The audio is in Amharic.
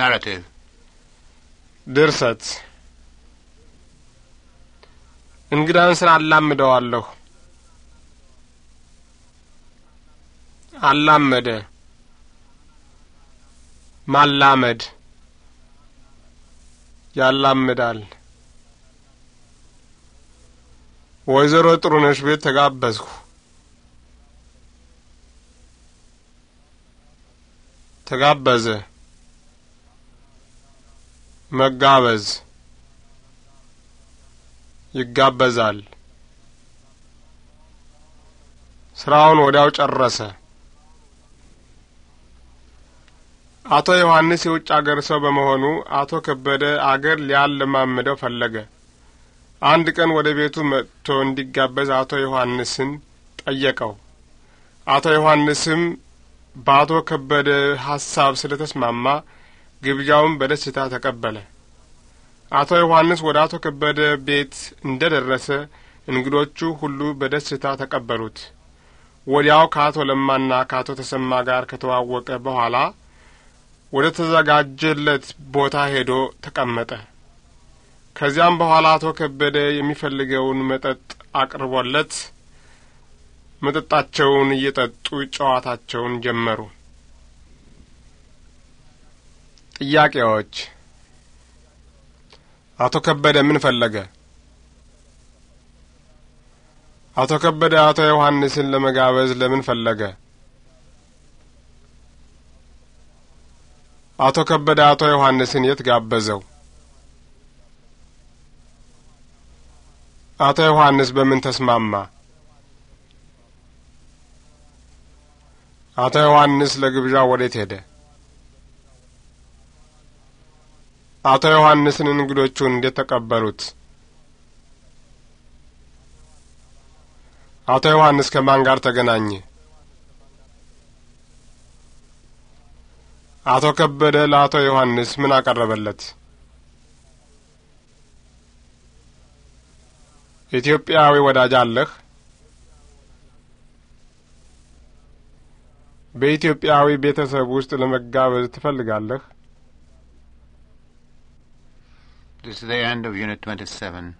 ናራቲቭ ድርሰት እንግዳን ስራ አላምደዋለሁ። አላመደ ማላመድ ያላምዳል። ወይዘሮ ጥሩነሽ ቤት ተጋበዝኩ። ተጋበዘ መጋበዝ ይጋበዛል። ስራውን ወዲያው ጨረሰ። አቶ ዮሐንስ የውጭ አገር ሰው በመሆኑ አቶ ከበደ አገር ሊያለማምደው ፈለገ። አንድ ቀን ወደ ቤቱ መጥቶ እንዲጋበዝ አቶ ዮሐንስን ጠየቀው። አቶ ዮሐንስም በአቶ ከበደ ሀሳብ ስለተስማማ ግብዣውን በደስታ ተቀበለ። አቶ ዮሐንስ ወደ አቶ ከበደ ቤት እንደ ደረሰ እንግዶቹ ሁሉ በደስታ ተቀበሉት። ወዲያው ከአቶ ለማና ከአቶ ተሰማ ጋር ከተዋወቀ በኋላ ወደ ተዘጋጀለት ቦታ ሄዶ ተቀመጠ። ከዚያም በኋላ አቶ ከበደ የሚፈልገውን መጠጥ አቅርቦለት መጠጣቸውን እየጠጡ ጨዋታቸውን ጀመሩ። ጥያቄዎች። አቶ ከበደ ምን ፈለገ? አቶ ከበደ አቶ ዮሐንስን ለመጋበዝ ለምን ፈለገ? አቶ ከበደ አቶ ዮሐንስን የት ጋበዘው? አቶ ዮሐንስ በምን ተስማማ? አቶ ዮሐንስ ለግብዣ ወዴት ሄደ? አቶ ዮሐንስን እንግዶቹ እንዴት ተቀበሉት? አቶ ዮሐንስ ከማን ጋር ተገናኘ? አቶ ከበደ ለአቶ ዮሐንስ ምን አቀረበለት? ኢትዮጵያዊ ወዳጅ አለህ? በኢትዮጵያዊ ቤተሰብ ውስጥ ለመጋበዝ ትፈልጋለህ? This is the end of Unit 27.